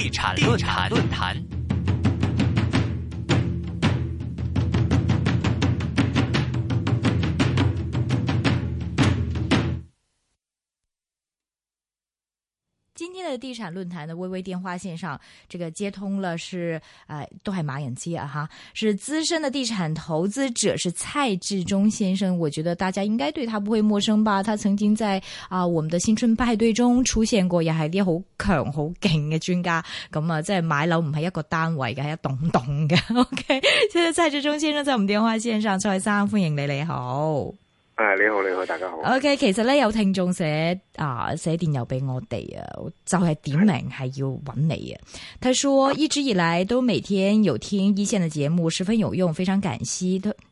地產論壇。地產論壇的微微電話線上，這個接通了是，呃、都是誒都係馬眼接啊，哈，是資深的地產投資者，是蔡志忠先生，我覺得大家應該對他不會陌生吧，他曾經在啊、呃、我們的新春派對中出現過也，也係啲好強好勁嘅專家，咁啊即係、就是、買樓唔係一個單位嘅，係一棟棟嘅，OK，謝謝蔡志忠先生在我們電話線上，蔡生歡迎你，你好。誒、啊，你好，你好，大家好。OK，其實咧有聽眾寫啊寫電郵俾我哋啊，就係點名係的要揾你啊。佢說一直以來都每天有聽一線嘅節目，十分有用，非常感激。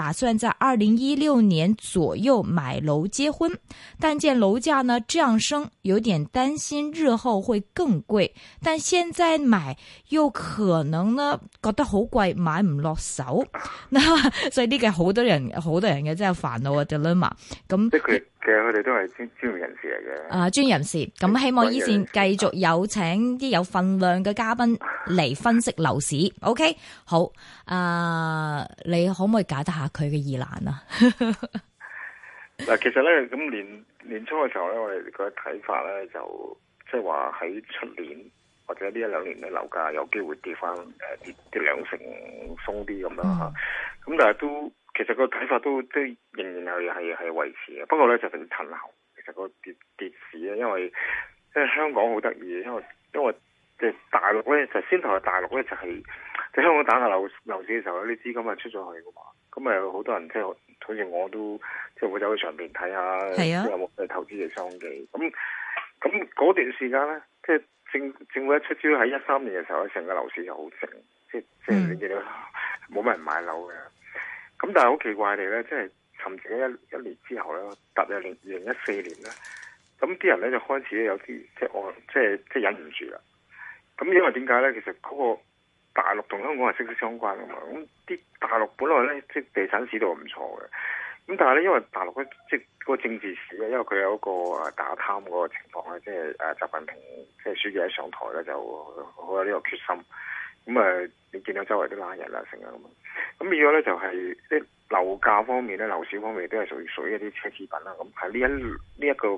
打算在二零一六年左右買樓結婚，但見樓價呢咁升，有點擔心日後會更貴。但現在買又可能呢覺得好貴，買唔落手。那 所以呢個好多人，好多人嘅真係煩惱啊，dilemma 咁即係佢其實佢哋都係專專業人士嚟嘅。啊、呃，專業人士。咁、嗯、希望依線繼續有請啲有份量嘅嘉賓嚟分析樓市。 OK，好。啊、呃，你可唔可以解答下？佢嘅疑難啊 ！嗱、就是嗯嗯，其實咧，咁年年初嘅時候咧，我哋個睇法咧，就即係話喺出年或者呢一兩年嘅樓價有機會跌翻，誒跌跌兩成鬆啲咁樣吓，咁但係都其實個睇法都都仍然係係係維持嘅。不過咧就成日要等候，其實個跌跌市咧，因為因為香港好得意，因為因為即係大陸咧就係、先頭嘅大陸咧就係、是。喺香港打下樓樓市嘅時候，啲資金係出咗去噶嘛？咁啊，有好多人即係好似我都即係會走去上邊睇下，有冇投資嘅商機？咁咁嗰段時間咧，即係政政府一出招喺一三年嘅時候咧，成個樓市就好靜，即係即係你見到冇乜人買樓嘅。咁但係好奇怪哋咧，即係沉寂一一年之後咧，踏入二零一四年咧，咁啲人咧就開始有啲即係我即係即係忍唔住啦。咁因為點解咧？其實嗰個。大陸同香港係息息相關嘅嘛，咁啲大陸本來咧即係地產市道唔錯嘅，咁但係咧因為大陸即係、嗰個政治市啊，因為佢有一個誒打貪嗰個情況咧，即係誒習近平即係書記一上台咧就好有呢個決心，咁、嗯、啊你見到周圍啲拉人啊成日咁，咁變咗咧就係、是、即係樓價方面咧、樓市方面都係屬屬於水一啲奢侈品啦，咁喺呢一呢一、這個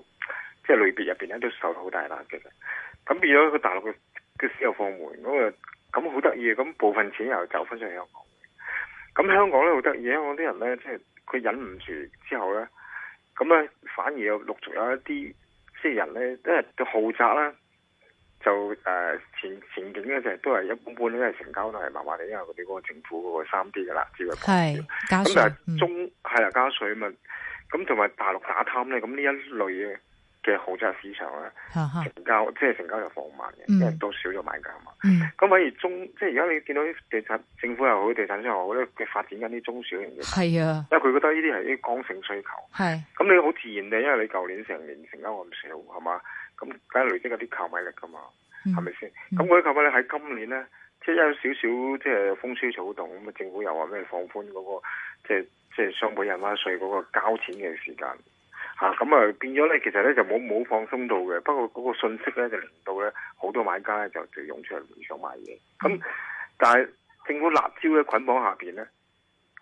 即係類別入邊咧都受到好大打擊嘅，咁變咗個大陸嘅嘅銷售放緩咁、嗯嗯咁好得意，咁部分錢又走翻上去香港。咁香港咧好得意，香港啲人咧即係佢忍唔住之後咧，咁啊反而又陸續有一啲即係人咧，因為個豪宅啦，就誒、呃、前前景咧就係都係一般，半咧係成交都係麻麻地，因為佢哋嗰個政府嗰個三 D 噶啦，接落嚟。係。咁就係中係啊，加稅、嗯、啊加稅嘛，咁同埋大陸打貪咧，咁呢一類嘅。嘅豪宅市場咧成交，即係成交又放慢嘅，嗯、因為都少咗買家嘛。咁、嗯、反而中，即係而家你見到啲地產，政府又好，地產商又好咧，佢發展緊啲中小型嘅。係啊，因為佢覺得呢啲係啲剛性需求。係是。咁你好自然嘅，因為你舊年成年成交咁少，係嘛？咁梗係累積嗰啲購買力噶嘛，係咪先？咁嗰啲購買力喺今年咧，即係有少少即係風吹草動咁啊！政府又話咩放寬嗰、那個即係即係雙倍印花稅嗰個交錢嘅時間。啊，咁啊，變咗咧，其實咧就冇冇放鬆到嘅。不過嗰個信息咧就令到咧好多買家咧就就湧出嚟想買嘢。咁、嗯嗯、但係政府辣招咧捆綁下邊咧，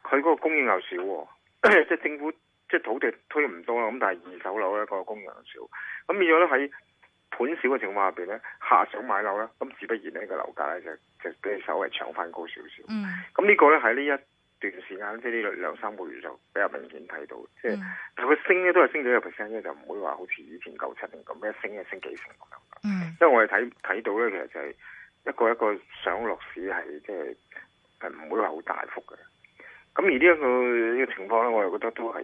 佢嗰個供應又少喎。即係政府即係土地推唔多啦。咁但係二手樓咧個供應又少。咁、就是就是嗯嗯、變咗咧喺盤少嘅情況下邊咧，下想買樓咧，咁自不然呢，個樓價咧就就，就，就俾你稍微搶翻高少少。咁呢個咧喺呢一。嗯段時間即係兩三個月就比較明顯睇到，即係、嗯、但佢升咧都係升咗一個 percent 咧，就唔會話好似以前九七年咁樣升一升幾成咁。嗯，因為我哋睇睇到咧，其實就係一個一個上落市係即係係唔會話好大幅嘅。咁而呢、呢、一個呢、呢個情況咧，我又覺得都係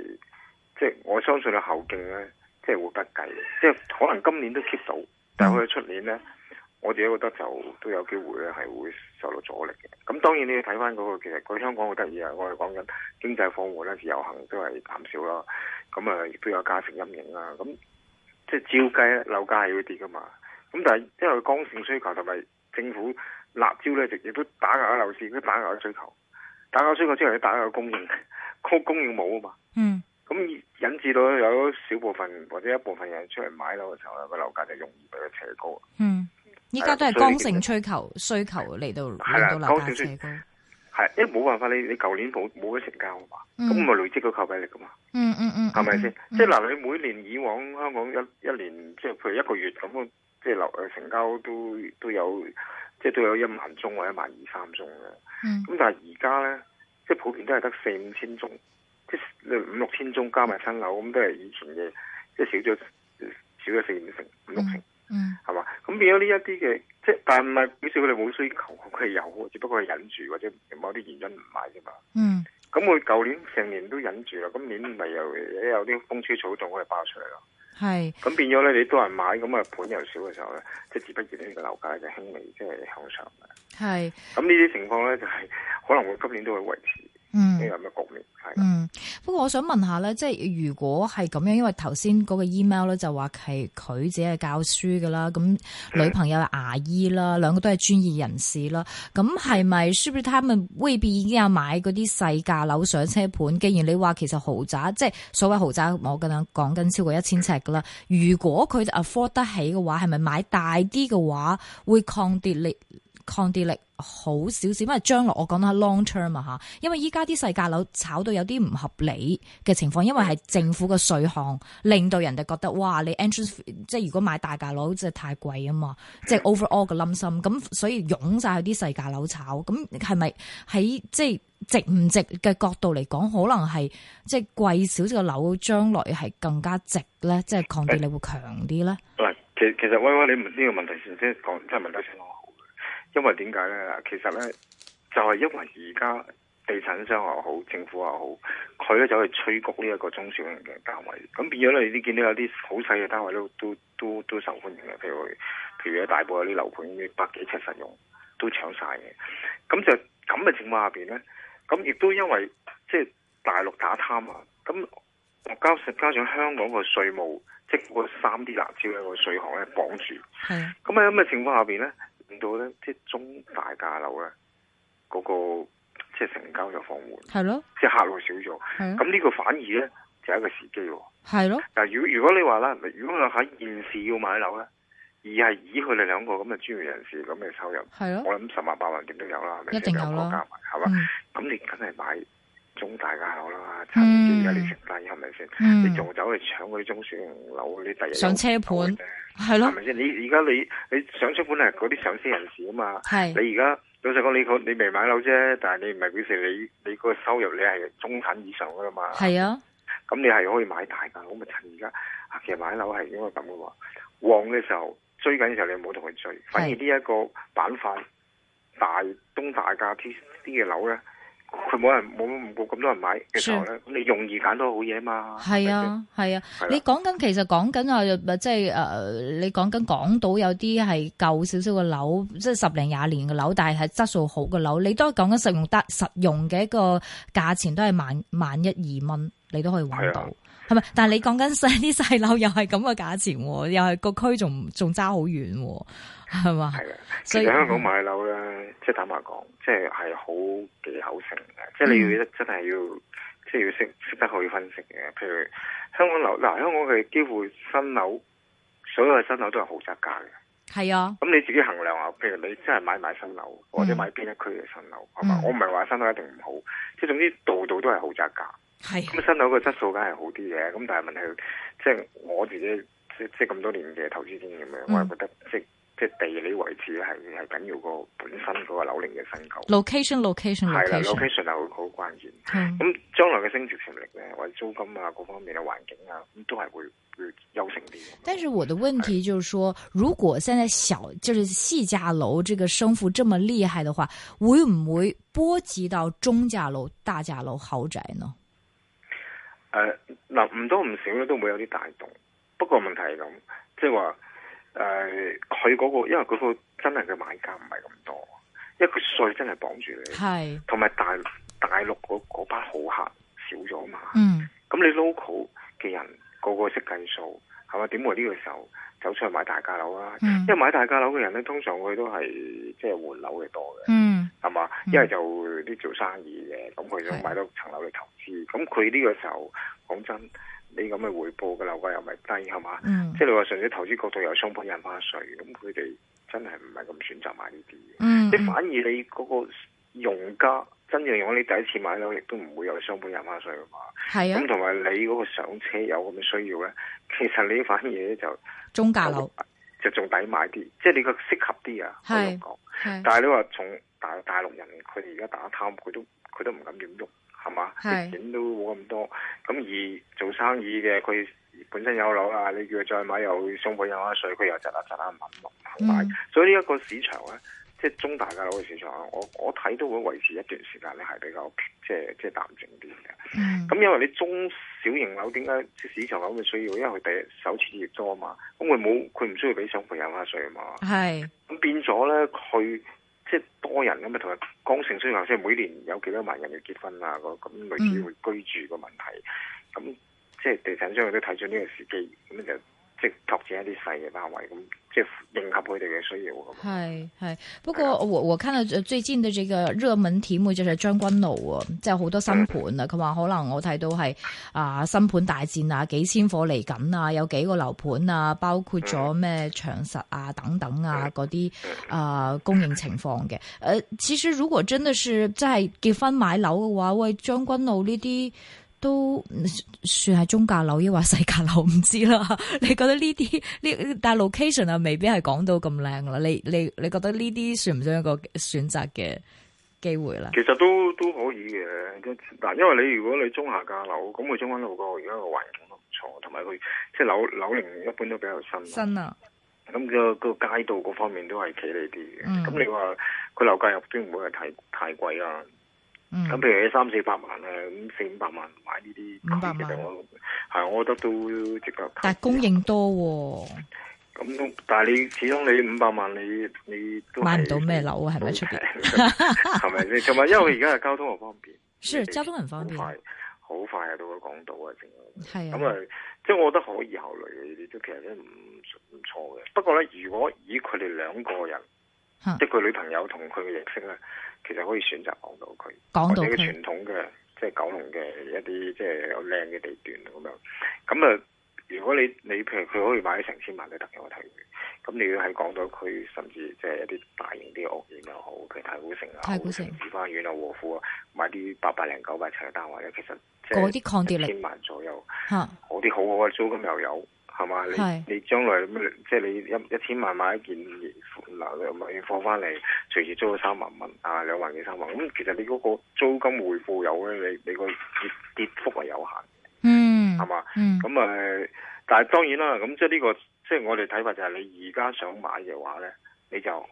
即係我相信嘅後勁咧，即係會不計嘅，即係可能今年都 keep 到，但係去出年咧。嗯我自己覺得就都有機會咧，係會受到阻力嘅。咁當然你要睇翻嗰個，其實佢香港好得意啊。我哋講緊經濟放緩咧，自由行都係減少咯。咁啊，亦、呃、都有加息陰影啊。咁即係照計樓價係會跌㗎嘛。咁但係因為剛性需求同埋政府辣招咧，直接都打壓緊樓市，都打壓緊需求，打壓緊需求之後你打壓個供應，供應冇啊嘛。嗯。咁引致到有少部分或者一部分人出嚟買樓嘅時候，個樓價就容易俾佢扯高。嗯。依家都係剛性需求需求嚟到嚟到樓價上高，係，因為冇辦法，你你舊年冇冇乜成交啊、嗯、嘛，咁咪累積個購買力噶嘛，嗯嗯嗯，係咪先？嗯、即係嗱，你每年以往香港一一年，即係譬如一個月咁啊，即係樓誒成交都都有，即係都有一萬宗或者萬二三宗嘅，咁但係而家咧，即係普遍都係得四五千宗，即係五六千宗加埋新樓，咁都係以前嘅，即係少咗少咗四五成五六成。變咗呢一啲嘅，即係但唔係表示佢哋冇需求，佢係有，只不過係忍住或者某啲原因唔買啫嘛。嗯，咁佢舊年成年都忍住啦，今年咪又有啲風吹草動，可以爆出嚟咯。係是，咁變咗咧，你多人買，咁啊，盤又少嘅時候咧，即係自不然、就是、是呢個樓價就輕微即係向上嘅。係，咁呢啲情況咧就係可能會今年都會維持。嗯，呢個咁嘅局面係。嗯，不過我想問下咧，即係如果係咁樣，因為頭先嗰個 email 咧就話係佢自己係教書噶啦，咁、嗯、女朋友係牙醫啦，兩個都係專業人士啦，咁係咪？是不是他們未必已經有買嗰啲細價樓上車盤？嗯、既然你話其實豪宅，即係所謂豪宅，我咁樣講緊超過一千尺噶啦。嗯、如果佢就 afford 得起嘅話，係咪買大啲嘅話會抗跌力？抗跌力好少少，因為將來我講得係 long term 啊嚇，因為依家啲細價樓炒到有啲唔合理嘅情況，因為係政府嘅稅項令到人哋覺得哇，你 entrance 即係如果買大價樓即係太貴啊嘛，嗯、即係 overall 嘅冧心。」m、um，咁，所以湧晒去啲細價樓炒，咁係咪喺即係值唔值嘅角度嚟講，可能係即係貴少少嘅樓將來係更加值咧，即係抗跌力會強啲咧？唔其、欸、其實威威你呢個問題先先講，即係問你因為點解咧？其實咧就係、是、因為而家地產商又好，政府又好，佢咧走去催谷呢一個中小型嘅單位。咁變咗咧，你見到有啲好細嘅單位都都都都受歡迎嘅。譬如譬如喺大埔有啲樓盤，百幾尺實用都搶晒嘅。咁就咁嘅情況下邊咧，咁亦都因為即係、就是、大陸打貪啊，咁交加上香港個稅務，即係嗰三啲辣招一個稅項咧綁住。係。咁喺咁嘅情況下邊咧？到咧，即係中大價樓咧，嗰個即係成交又放緩，係咯的，即係客路少咗，咁呢的個反而咧，就係一個時機喎，係咯的。嗱，如如果你話啦，如果你喺現時要買樓咧，而係以佢哋兩個咁嘅專業人士咁嘅收入，係咯的，我諗十萬八萬點都有啦，係咪？一定加埋？係嘛、嗯，咁你梗係買。中大嘅樓啦嘛，趁而家你食低係咪先？你仲走嚟搶嗰啲中選樓？你第日上車盤啫，係咯？係咪先？你而家你你上車盤係嗰啲上車人士啊嘛。係你而家老實講，你你未買樓啫，但係你唔係表示你你個收入你係中產以上噶啦嘛。係啊，咁你係可以買大價，咁咪趁而家其實買樓係應該咁嘅喎，旺嘅時候追緊嘅時候你冇同佢追，反而呢一個板塊大,大,大,大東大價啲啲嘅樓咧。佢冇人冇冇咁多人買嘅時候咧，你容易揀到好嘢嘛？係啊，係啊，你講緊其實講緊啊，即係誒，你講緊港島有啲係舊少少嘅樓，即係十零廿年嘅樓，但係質素好嘅樓，你都係講緊實用得實用嘅一個價錢，都係萬萬一二蚊，你都可以揾到。係咪？但係你講緊細啲細樓，又係咁嘅價錢，又係個區仲仲差好遠，係嘛？係啊，的所以香港買樓咧，嗯，即係坦白講，即係係好技巧性嘅，即係你要，嗯，真真係要，即係要識識得去分析嘅。譬如香港樓嗱，香港佢幾乎新樓，所有新樓都係豪宅價嘅。係啊，咁你自己衡量下，譬如你真係買買新樓，或者買邊一區嘅新樓，嗯？我唔係話新樓一定唔好，即係總之度度都係豪宅價。係咁，是新樓個質素梗係好啲嘅。咁但係問題，即係我自己即即咁多年嘅投資經驗，咁我係覺得即即地理位置係係緊要過本身嗰個樓齡嘅新舊。location location 係 location 又好關鍵。咁將、嗯、來嘅升值潛力咧，或者租金啊，各方面嘅環境啊，咁都係會會優勝啲。但是我的問題就是說，是如果現在小就是細價樓這個升幅這麼厲害嘅話，會唔會波及到中價樓、大價樓、豪宅呢？誒嗱，唔多唔少咧都會有啲大動，不過問題係咁，即係話誒佢嗰個，因為嗰個真係嘅買家唔係咁多，因一為佢稅真係綁住你，係同埋大大陸嗰班好客少咗嘛，嗯，咁你 local 嘅人個個識計數係嘛？點會呢個時候走出去買大價樓啦？嗯、因為買大價樓嘅人咧，通常佢都係即係換樓嘅多嘅。嗯係嘛？一係、嗯、就啲做生意嘅，咁佢想買到層樓嚟投資。咁佢呢個時候，講真，你咁嘅回報嘅樓價又咪低，係嘛？即係你話純粹投資角度有雙倍印花稅，咁佢哋真係唔係咁選擇買呢啲嘅。即、嗯、反而你嗰個用家，真正用你第一次買樓，亦都唔會有雙倍印花稅嘅話，咁同埋你嗰個上車有咁嘅需要咧，其實你反而就中價樓。就仲抵買啲，即係你個適合啲啊，可以咁講。是但係你話從大大陸人，佢哋而家打貪，佢都佢都唔敢亂喐，係嘛？啲是都冇咁多。咁而做生意嘅，佢本身有樓啊，你叫佢再買又上半又加稅，佢又窒下窒下唔肯買。所以呢一個市場咧，即係中大嘅樓嘅市場，我我睇都會維持一段時間咧，係比較即係即係淡靜啲嘅。咁、mm hmm. 因為你中小型樓點解市場咁嘅需要？因為佢第一首次業多啊嘛，咁佢冇佢唔需要俾雙倍印花稅啊嘛。係咁、mm hmm. 變咗咧，佢即係多人啊嘛，同埋剛性需求，即係每年有幾多萬人要結婚啊，個咁類似會居住嘅問題。咁、mm hmm. 即係地產商佢都睇咗呢個時機，咁就。即係拓展一啲細嘅單位，咁即係迎合佢哋嘅需要。係係，不過我我睇到最近的這個熱門題目，就是將軍澳啊，即係好多新盤啊。佢話、嗯、可能我睇到係啊新盤大戰啊，幾千伙嚟緊啊，有幾個樓盤啊，包括咗咩長實啊等等啊嗰啲、嗯、啊供應情況嘅。誒、啊，其實如果真的是係結婚買樓嘅話，喂將軍澳呢啲。都算係中價樓，抑或細價樓，唔知啦。你覺得呢啲呢？但 location 啊，未必係講到咁靚啦。你你你覺得呢啲算唔算一個選擇嘅機會啦？其實都都可以嘅，嗱，因為你如果你中下價樓，咁佢中間路嗰個而家個環境都唔錯，同埋佢即係樓樓齡一般都比較新。新啊！咁個、個街道嗰方面都係企呢啲嘅，咁、嗯、你話佢樓價又都唔會係太太貴啊？咁譬、嗯、如三四百萬啊，咁四五百萬買呢啲，其實我係我覺得都值得。但係供應多、哦，咁但係你始終你五百萬，你你都買唔到咩樓啊？係咪出邊？係咪先？同埋 因為而家嘅交通又方便， 交通又方便，好快啊到咗港島啊，整個係咁啊，即係我覺得可以考慮嘅呢啲，都其實都唔唔錯嘅。不過咧，如果以佢哋兩個人，嗯、即係佢女朋友同佢嘅認識咧。其實可以選擇港島區，港島嘅傳統嘅，即係九龍嘅一啲，即係有靚嘅地段咁樣。咁啊，如果你你譬如佢可以買成千萬嘅特有嘅地段，咁你要喺港島區，甚至即係一啲大型啲屋苑又好，譬如太古城啊、太城市花園啊、和富啊，買啲八百零九百尺嘅單位咧，其實嗰啲抗跌力，千萬左右，吓，嗰啲好好嘅租金又有，係嘛是？你你將來咩？即係你一一千萬買一件。嗱兩萬幾放翻嚟，隨時租咗三萬蚊啊，兩萬幾三萬咁，其實你嗰個租金回報有咧，你你個跌跌幅係有限，嗯，係嘛，嗯，咁誒，但係當然啦，咁即係呢個，即係我哋睇法就係你而家想買嘅話咧，你就。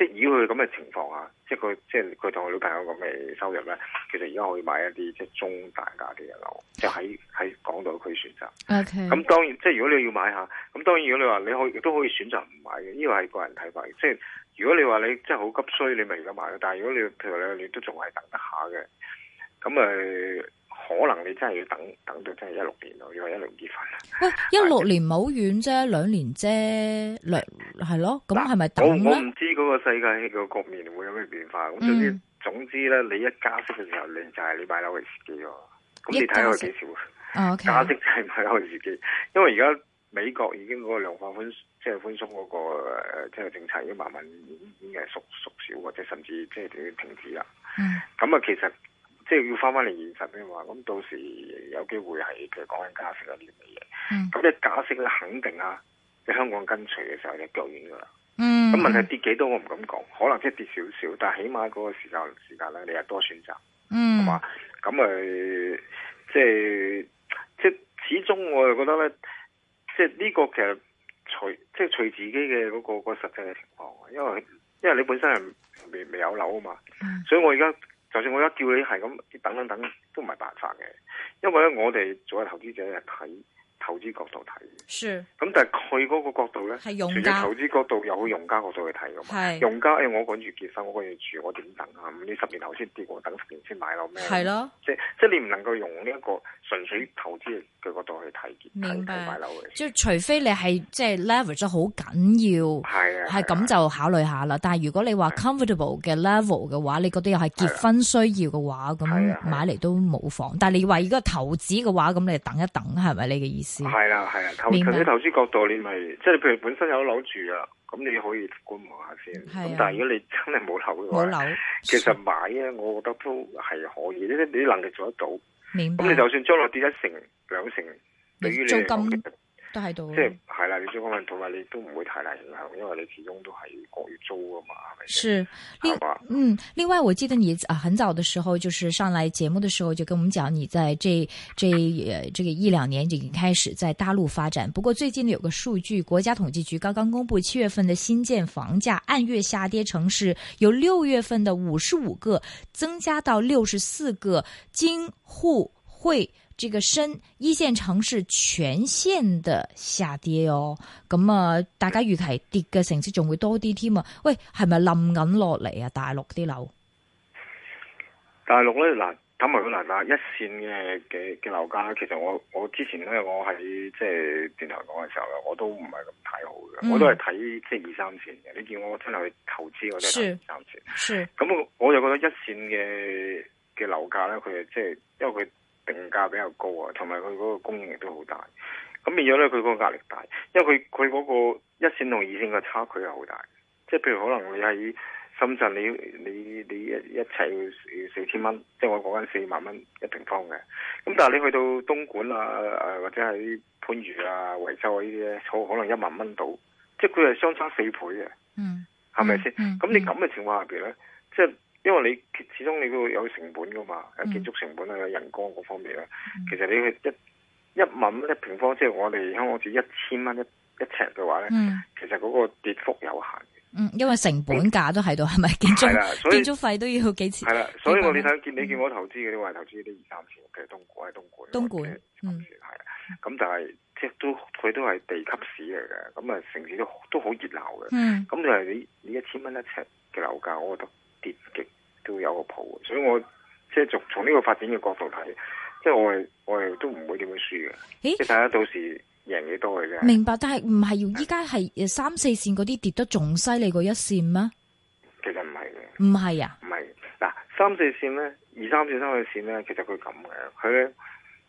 即以佢咁嘅情況下，即係佢即係佢同佢女朋友講嘅收入咧，其實而家可以買一啲即係中大價嘅樓，即就喺喺港島區選擇。O K。咁當然，即係如果你要買下，咁當然如果你話你可以都可以選擇唔買嘅，呢個係個人睇法。即係如果你話你真係好急需，你咪而家買。但係如果你譬如你，你都仲係等得下嘅，咁、嗯、誒可能你真係要等等到真係一六年咯，要一六年結婚。喂，一六年唔好遠啫，兩 對年啫，兩係咯。咁係咪等我唔知。個世界個局面會有咩變化？咁、嗯、總之，總之咧，你一加息嘅時候，你就係你買樓嘅時機喎。咁你睇下幾時啊？ Okay. 加息就買樓嘅時機，因為而家美國已經嗰個量化寬即係寬鬆嗰個即係、呃就是、政策已經慢慢已經嘅縮縮小，或者甚至即係停止啦。咁啊、嗯就是，其實即係要翻翻嚟現實嘅話，咁到時有機會係即係講緊加息呢啲嘢。咁、嗯、一加息咧，肯定啊，你香港跟隨嘅時候就腳軟噶啦。嗯，咁問題跌幾多我唔敢講，可能即係跌少少，但係起碼嗰個時間時間咧，你係多選擇，嗯，係嘛？咁誒，即係即係始終，我就覺得咧，即係呢個其實隨即係隨自己嘅嗰、嗰個、嗰個實際嘅情況啊，因為因為你本身係未未有樓啊嘛，所以我而家就算我而家叫你係咁等等等等，都唔係辦法嘅，因為咧我哋作為投資者係睇。投資角度睇，咁是但係佢嗰個角度咧，純粹投資角度又用家角度去睇㗎嘛。是用家誒、哎，我趕住結婚，我趕住住，我點等啊？咁呢十年後先跌過，我等十年先買樓咩？係咯、啊，即係你唔能夠用呢一個純粹投資嘅角度去睇，買樓嘅。即係除非你係即係 level 咗好緊要，係咁、啊、就考慮下啦。啊、但係如果你話 comfortable 嘅 level 嘅話，你覺得又係結婚需要嘅話，咁買嚟都冇妨。但係你話如果投資嘅話，咁你等一等係咪你嘅意思？係啦，係啊，投資你投資角度，你咪即係譬如本身有樓住啊，咁你可以觀望下先。咁的但係如果你真係冇樓嘅話，樓其實買咧，我覺得都係可以，你你能力做得到。咁白你就算將來跌一成兩成，對於你嚟講，都喺度，即係係啦，你租屋同埋你都唔會太大影響，因為你始終都係月租啊嘛，係咪？是，另嗯，另外，我記得你啊，很早的時候，就是上來節目的時候，就跟我們講，你在這這這個一兩年就已經開始在大陸發展。不過最近呢，有個數據，國家統計局剛剛公布，七月份的新建房價按月下跌城市由六月份的五十五個增加到六十四個，京滬穗。這個新一線城市全線的下跌哦，咁、嗯、啊，大家預期跌嘅城市仲會多啲添啊？喂，係咪冧緊落嚟啊？大陸啲樓，大陸咧嗱，咁咪好難嗱，一線嘅嘅嘅樓價，其實我我之前咧，我喺即係電台講嘅時候咧，我都唔係咁睇好嘅，我都係睇即係二三線嘅。你叫我真係去投資，我真係三線。是，咁我、嗯、我就覺得一線嘅嘅樓價咧，佢係即係，因為佢。價比較高啊，同埋佢嗰個供應亦都好大，咁變咗咧佢個壓力大，因為佢佢嗰個一線同二線嘅差距係好大，即係譬如可能你喺深圳你你你一一尺要四千蚊，即係我講緊四萬蚊一平方嘅，咁但係你去到東莞啊，誒或者喺番禺啊、惠州啊呢啲咧，可能一萬蚊到，即係佢係相差四倍嘅，嗯，係咪先？咁你咁嘅情況下邊咧，即係、嗯。嗯。因為你始終你都有成本噶嘛，有建築成本啊，人工嗰方面啊，其實你去一一萬蚊一平方，即係我哋香港只一千蚊一一尺嘅話咧，其實嗰個跌幅有限嘅。嗯，因為成本價都喺度，係咪？係啦，建築費都要幾錢？係啦，所以我哋想見你見我投資嘅，你話投資啲二三千，其實東莞喺東莞。東莞嗯係，咁就係即係都佢都係地級市嚟嘅，咁啊城市都都好熱鬧嘅。咁就係你你一千蚊一尺嘅樓價，我覺得。跌極都會有個譜，所以我即係從從呢個發展嘅角度睇，即係我哋我哋都唔會點樣輸嘅。即係大家到時贏幾多去嘅。明白，但係唔係要依家係三四綫嗰啲跌得仲犀利過一綫咩？啊？其實唔係嘅，唔係啊，唔係嗱三四綫咧，二三綫、三綫咧，其實佢咁嘅，佢咧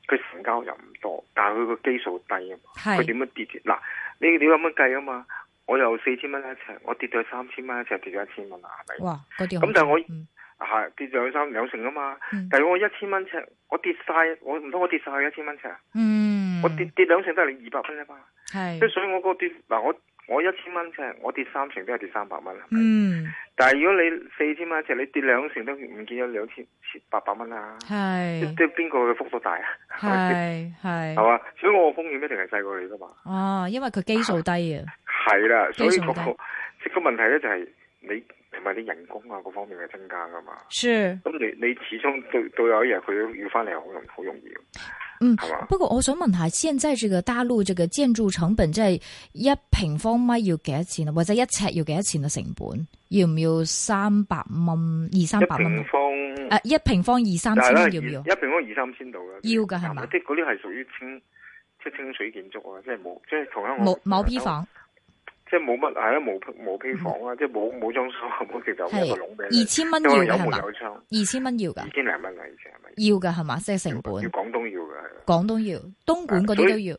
佢成交又唔多，但係佢個基數低是啊，佢點樣跌跌嗱？你你諗下計啊嘛。我有四千蚊一尺，我跌到三千蚊一尺，跌咗一千蚊啦，係咪？哇！咁但係我係跌咗三兩成啊嘛。但係我一千蚊尺，我跌晒，我唔通我跌晒去一千蚊尺？嗯，我跌跌兩成都係二百蚊啊嘛。係，即係所以我個跌嗱我我一千蚊尺，我跌三成都係跌三百蚊，係咪？嗯，但係如果你四千蚊一尺，你跌兩成都唔見咗兩千八百蚊啦。係，即係邊個嘅幅度大？係係係嘛？所以我風險一定係細過你噶嘛？哦，因為佢基數低啊。係啦，所以個即係個問題咧，就係你係咪你人工啊，各方面嘅增加噶嘛？是咁你你始終都都有一日佢要翻嚟，好容好容易。容易嗯，係嘛吧？不過我想問下，現在這個大陸這個建築成本即係一平方米要幾多錢啊？或者一尺要幾多錢啊？成本要唔要三百蚊？二三百蚊？一平方誒、啊，一平方二三千蚊要唔要？一平方二三千度嘅要嘅係嘛？啲嗰啲係屬於清即係清水建築啊，即係冇即係同香港冇冇毛坯房。即係冇乜，係啊，冇毛坯房啊！即係冇冇裝修，冇其實有一個二千蚊要係嘛？二千蚊要噶，二千零蚊啊！以前係咪？要嘅係嘛？即係成本。要廣東要噶。廣東要，東莞嗰啲都要。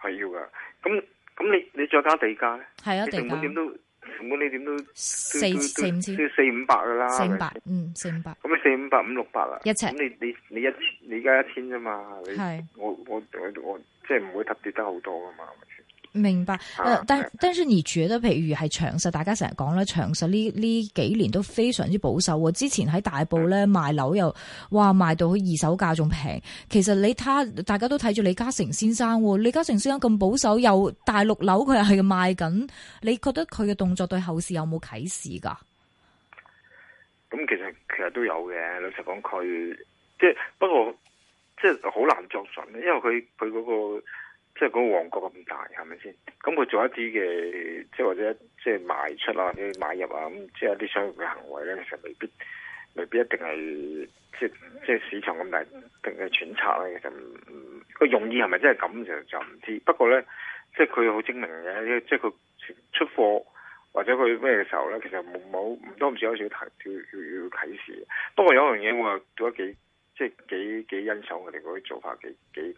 係要噶，咁咁你你再加地價咧？係啊，成本全點都，成本你點都四四五千。四五百噶啦。四百，嗯，四五百。咁你四五百五六百啊？一尺。咁你你你一你而家一千啫嘛？你我我我我即係唔會突跌得好多噶嘛？明白。啊、但但 sony 住咧，譬如係長實，大家成日講咧，長實呢呢幾年都非常之保守。之前喺大埔咧的賣樓又，哇，賣到去二手價仲平。其實你睇，大家都睇住李嘉誠先生。李嘉誠先生咁保守，又大陸樓佢又係賣緊。你覺得佢嘅動作對後市有冇啟示噶？咁其實其實都有嘅。老實講，佢即係不過即係好難作準，因為佢佢嗰個。即係嗰個旺角咁大，係咪先？咁佢做一啲嘅，即係或者即係賣出啊，或者買入啊，咁即係一啲商業嘅行為咧，其實未必，未必一定係即係即係市場咁大定係揣測咧，其實個用意係咪真係咁就就唔知。不過咧，即係佢好精明嘅，即係佢出貨或者佢咩嘅時候咧，其實冇唔多唔少有少提要要要提要要要要示。不過有一樣嘢我係覺得幾即係幾幾欣賞佢哋嗰啲做法，幾幾。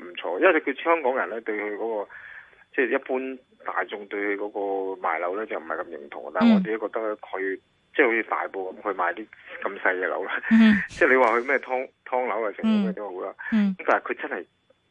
唔錯，因為佢香港人咧對佢嗰個，即係一般大眾對佢嗰個賣樓咧就唔係咁認同，但係我自己覺得咧佢即係好似大步咁去賣啲咁細嘅樓啦，即係你話佢咩劏劏樓嘅情況嘅都好啦，咁、嗯嗯、但係佢真係。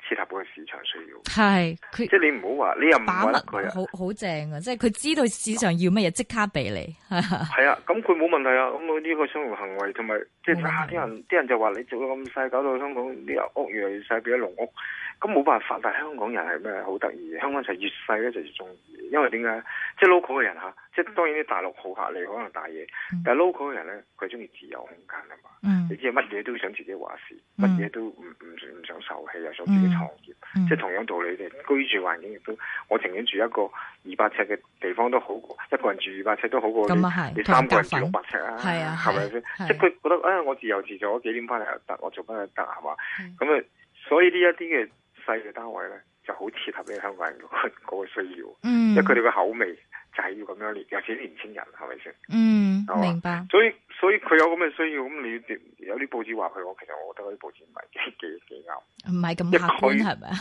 契合嗰市場需要，係即係你唔好話，你又唔揾佢啊！好好正啊！即係佢知道市場要乜嘢，即刻俾你係啊！咁佢冇問題啊！咁我呢個商業行為同埋即係嚇啲人，啲人就話你做咗咁細，搞到香港啲屋越嚟越細，變咗農屋，咁冇辦法。但係香港人係咩？好得意，香港就係越細咧就越中意，因為點解即係 local 嘅人嚇。即係當然啲大陸好客嚟，可能大嘢，但係 local 嘅人咧，佢中意自由空間啊嘛。嗯、你知啊，乜嘢都想自己話事，乜嘢都唔唔唔想受氣，又想自己創業。嗯、即係同樣道理，你居住環境亦都，我情願住一個二百尺嘅地方都好過，一個人住二百尺都好過你。你三個人住六百尺啊，係啊，係咪先？即係佢覺得啊、哎，我自由自在，我幾點翻嚟又得，我做乜嘢得係嘛？咁啊是，所以呢一啲嘅細嘅單位咧，就好適合呢啲香港人、嗰個需要。嗯、即係佢哋嘅口味。係要咁樣練，尤其啲年青人，係咪先？嗯，Okay. 明白。所以所以佢有咁嘅需要，咁你要有啲報紙話佢我，其實我覺得嗰啲報紙唔係幾幾幾啱，唔係咁客觀，係咪啊？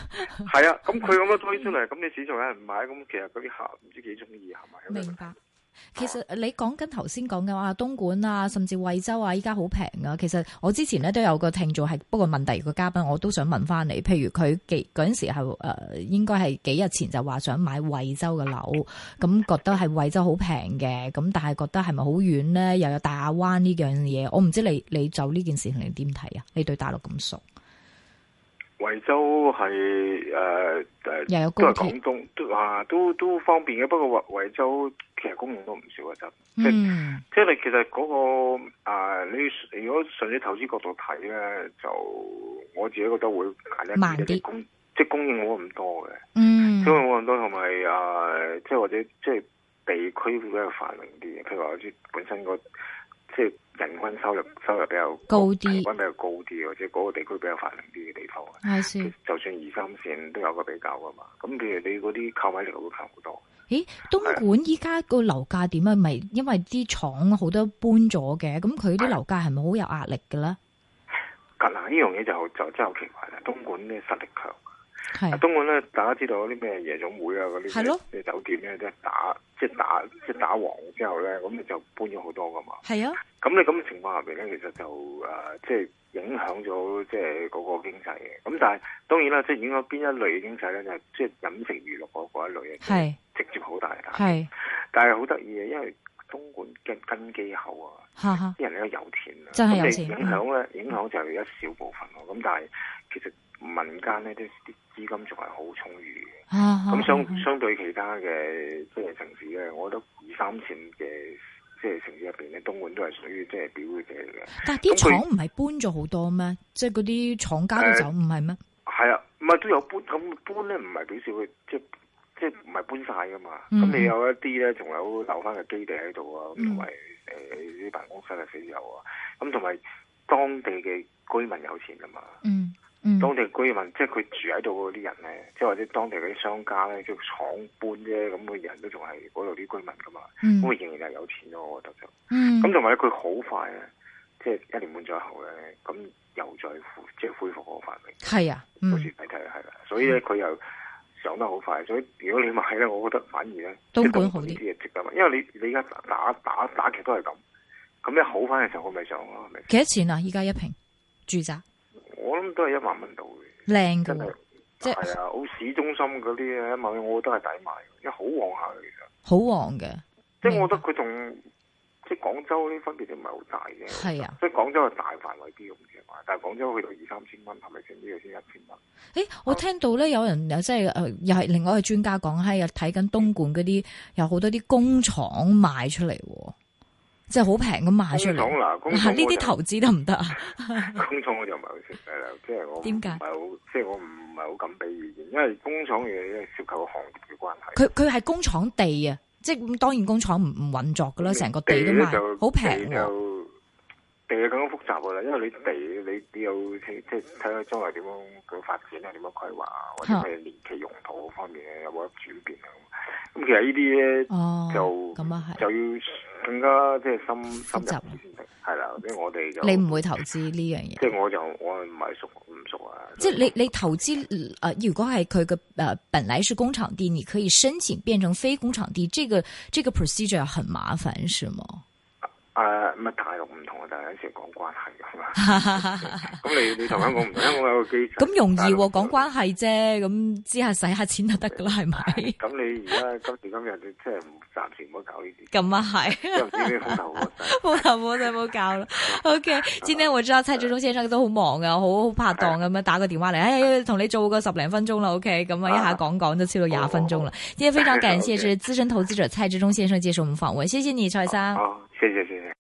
係啊，咁佢咁樣推出嚟，咁你始終有人買，咁其實嗰啲客唔知幾中意，係咪？明白。其實你講緊頭先講嘅話，東莞啊，甚至惠州啊，依家好平啊。其實我之前咧都有個聽眾係，不過問第二個嘉賓，我都想問翻你。譬如佢幾嗰陣時係誒、呃，應該係幾日前就話想買惠州嘅樓，咁覺得係惠州好平嘅，咁但係覺得係咪好遠呢？又有大亞灣呢樣嘢，我唔知你你就呢件事你點睇啊？你對大陸咁熟。惠州係誒誒，呃、又有都係廣東，都啊，都都方便嘅。不過惠惠州其實供應都唔少嘅。就即係你其實嗰、嗯嗰個啊、呃，你如果從你投資角度睇咧，就我自己覺得會係咧供即係供應冇咁多嘅。嗯，供應冇咁多，同埋啊，即係或者即係地區會比較繁榮啲，譬如話我本身、嗰個。即係人均收入收入比較高啲，人低均比較高啲，或者嗰個地區比較繁榮啲嘅地方。 就算二三線都有個比較噶嘛，咁譬如你嗰啲購買力度會強好多。咦，東莞依家個樓價點啊？咪因為啲廠好多搬咗嘅，咁佢啲樓價係咪好有壓力嘅咧？嗱， 呢樣嘢就就真係好奇怪啦！東莞嘅實力強。係、啊、東莞咧，大家知道啲咩夜總會啊嗰啲，啲、啊、酒店咧，即打即、就是、打即、就是、打黃之後咧，咁你就搬咗好多噶嘛。係啊。咁你咁嘅情況下邊咧，其實就誒即、啊就是、影響咗即嗰個經濟嘅。咁但係當然啦，即影響邊一類經濟咧，就係、是、即飲食娛樂嗰一類嘅，係是直接好大。係、啊。但係好得意嘅，因為東莞根根基厚啊，啲、啊、人咧有，有錢啊，咁你影響咧、啊、影響就係一小部分咯。咁但係其實。民間呢啲啲資金仲係好充裕嘅，咁、啊嗯、相、嗯、相對其他嘅即係城市咧，嗯、我覺得二三線嘅即係城市入邊咧，東莞都係屬於、嗯、即係表嘅嘅。但係啲廠唔係搬咗好多咩？即係嗰啲廠家都走唔係咩？係、嗯、啊，唔係都有搬，咁搬咧唔係表示佢即即唔係搬晒噶嘛。咁、嗯、你有一啲咧，仲有留翻嘅基地喺度啊，同埋誒啲辦公室嘅都有啊。咁同埋當地嘅居民有錢噶嘛？嗯。嗯、當地居民即係佢住喺度嗰啲人咧，即係或者當地嗰啲商家咧，叫廠搬啫，咁佢人都仲係嗰度啲居民噶嘛，咁佢、嗯、仍然係有錢咯，我覺得就是，咁同埋咧佢好快咧，即、就、係、是、一年半載後咧，咁又再即係恢復個繁榮，係啊，好似睇睇係啦，所以咧佢又上得好快，嗯、所以如果你買咧，我覺得反而咧，東莞好啲嘅值得，因為你你而家打打打打極都係咁，咁你好翻嘅時候，我咪上咯，係咪？幾多錢啊？而家一平住宅？我諗都係一萬蚊到嘅，靚噶，即係，係啊，好市中心嗰啲咧，一萬蚊我覺得係抵買，因為好旺下其實，好旺嘅，即係我覺得佢仲，白即係廣州呢分別就唔係好大嘅，係啊，即係廣州係大範圍啲用嘅買，但係廣州去到二三千蚊，係咪剩呢？先一千蚊？誒、欸，我聽到咧，有人、嗯、又即係誒，又係另外一個專家講啊，睇緊東莞嗰啲、嗯、有好多啲工廠賣出嚟喎。即係好平咁賣出嚟，嗱呢啲投資得唔得啊？工廠我就唔係好識嘅啦，即係我唔係好，即係我唔唔係好敢俾意見，因為工廠嘢因為涉及行業嘅關係。佢佢係工廠地啊，即係當然工廠唔唔運作噶啦，成個地咁啊，好平。地就地又更加複雜啦，因為你地你有即即睇下將來點樣佢發展啊，點樣規劃或者咩年期用途方面嘅有冇得轉變啊？咁其實呢啲咧就咁啊係就要。更加即係深深入，係啦、嗯，即係我哋就你唔會投資呢樣嘢。即係我就我唔係熟唔熟啊。即係你你投資誒、呃，如果係佢嘅誒本來是工廠地，你可以申請變成非工廠地，這個這個 procedure 很麻煩，是嗎？誒，咁啊大陸唔同啊，第、嗯、 一時、 啊、講關係，係嘛？咁、 啊、你你頭先講唔聽，我有個機咁容易講關係啫，咁只係使下錢就得噶啦，係咪？咁你而家今時今日，你即係暫時唔、 嗯啊、 好，時 好時搞呢啲。咁啊係，都唔知冇曬，冇搞啦。OK，今天我知道蔡志忠先生都好忙啊，好好拍檔咁樣打個電話嚟，哎，同你做個十零分鐘啦，OK，咁啊一下講一講都超過廿分鐘啦。今天非常感謝是資深投資者蔡志忠先生接受我們訪問，謝謝你，蔡生。Oh, oh. 謝謝，謝謝。